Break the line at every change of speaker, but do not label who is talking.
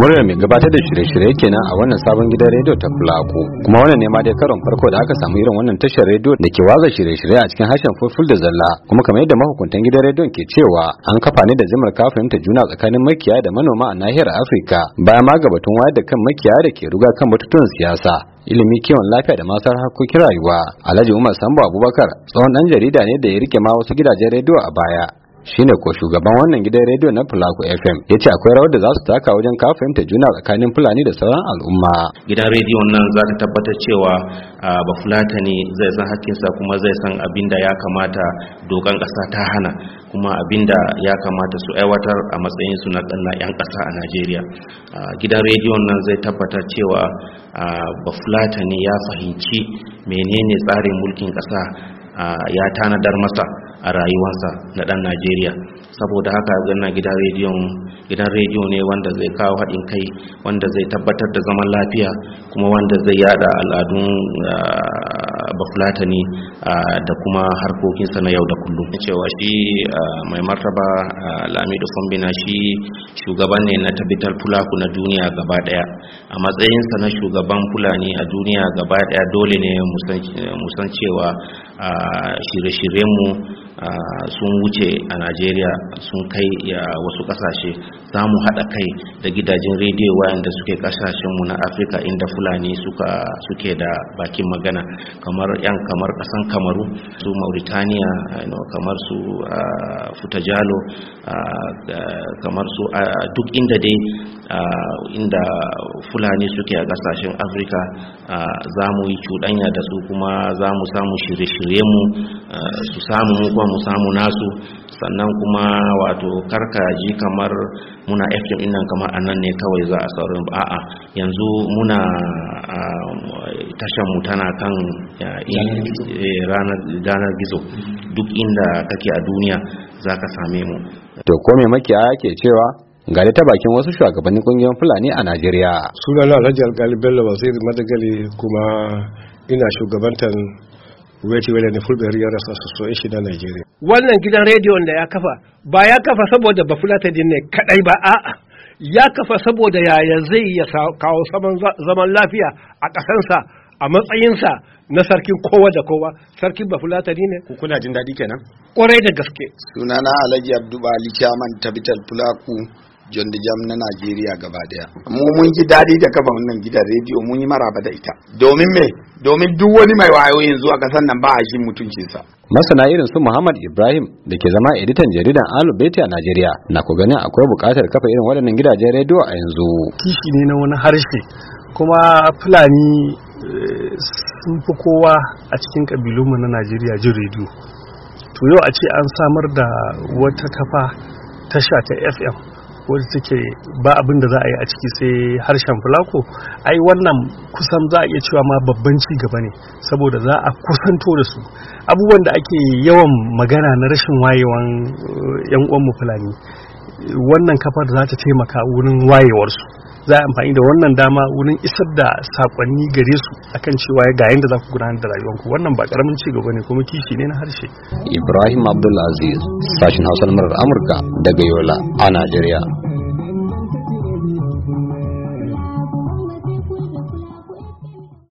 murya mai gabatar da shirye-shirye kenan a wannan sabon gidan rediyo ta Fulako kuma wannan ne ma dai karon farko da aka samu irin wannan tashar rediyo da ke watsa shirye-shirye a cikin harshen fulful da zalla kuma kamar yadda mahukuntan gidan rediyon ke cewa an kafa ne da zimar ka fahimta juna tsakanin makiya da manoma a nahiyar Afirka bayan ma gabatun wayar da kan makiya da ke ruga kan batutuwan siyasa ilimi kiwon lafiya da masar harkokin rayuwa alhaji umar sambo abubakar tsohon dan jarida ne da ya rike ma wasu gidajen rediyo a baya shine ko shugaban wannan gidan rediyo na Fulako FM ya ce akwai rawar da za su taka wajen fahimta juna tsakanin Fulani da sauran al'umma.
Gidan rediyo nan za ta tabbatar cewa ba ne zai san hakkinsa kuma zai san abin da ya kamata dokan ƙasa ta hana kuma abin da ya kamata su aiwatar a matsayin su na ɗan yan ƙasa a Najeriya. Gidan rediyo nan zai tabbatar cewa ba ne ya fahimci menene tsarin mulkin ƙasa ya tanadar masa a rayuwarsa na ɗan najeriya saboda haka gana gidan rediyon gidan rediyo ne wanda zai kawo haɗin kai wanda zai tabbatar da zaman lafiya kuma wanda zai yada al'adun ah, bafulatani ah, da kuma harkokinsa na yau da kullum cewa shi ah, mai martaba lamido fombina shi shugaban ne na tabbitar fulaku na duniya gaba daya a matsayinsa na shugaban fulani a duniya gaba daya dole ne musan cewa shirye-shiryenmu sun wuce a najeriya sun kai ya wasu kasashe za mu haɗa kai da gidajen rediyo wayanda suke kasashenmu na afirka inda fulani suke da bakin magana kamar yan kamar ƙasan kamaru su mauritaniya kamar su futajalo kamar su duk inda dai inda fulani suke a kasashen afirka za mu yi cuɗanya da su kuma za mu samu shirye-shirye mu su samu mu mu samu nasu sannan kuma wato ji kamar muna fm nan kamar a nan ne kawai za a saurin ba? a'a yanzu muna mu tana kan eh, ranar gizo duk inda kake a duniya za ka same mu
to kome makiya ke cewa ga ta bakin wasu shugabannin kungiyar fulani a najeriya sunana alhaji alkali bello basir madagali kuma ina shugabantar Weti Wele ne Fulbe so ishi na Nigeria.
Wannan gidan rediyon da ya kafa ba ya kafa saboda ba ne kadai ba a'a ah, ah. ya kafa saboda yaya zai ya kawo saman zaman lafiya a ƙasansa a matsayinsa na sarkin kowa da kowa sarkin bafulatani ne kuna jin daɗi kenan ƙwarai
da gaske sunana alhaji abdubali chairman tabital fulaku John jam na Najeriya gaba daya. Mu mun ji daɗi da kafa wannan gidan rediyo mun yi maraba da ita. Domin me? Domin duk wani mai wayo yanzu a nan ba a shi mutuncinsa. Masana irin su Muhammad Ibrahim da ke zama editan jaridan Alu Beti a Najeriya na ku ganin akwai buƙatar kafa irin waɗannan gidajen rediyo a yanzu.
Kishi ne na wani harshe kuma Fulani eh, sun fi kowa a cikin ƙabilunmu na Najeriya jin rediyo. To yau a ce an samar da wata kafa tasha ta FM wadda take ba abin da za a yi a ciki sai harshen fulako ai wannan kusan za a iya cewa ma babban ci gaba ne saboda za a kusanto da su abubuwan da ake yawan magana na rashin wayewan eh, yan uwanmu fulani wannan kafar za ta taimaka wurin wayewarsu za a amfani da wannan dama wurin isar da sakonni gare su akan cewa ga yadda za ku gudanar da rayuwanku wannan ba karamin ci gaba ne kuma kishi ne na harshe
Ibrahim Abdulaziz sashin hausar na Amurka daga Yola a Najeriya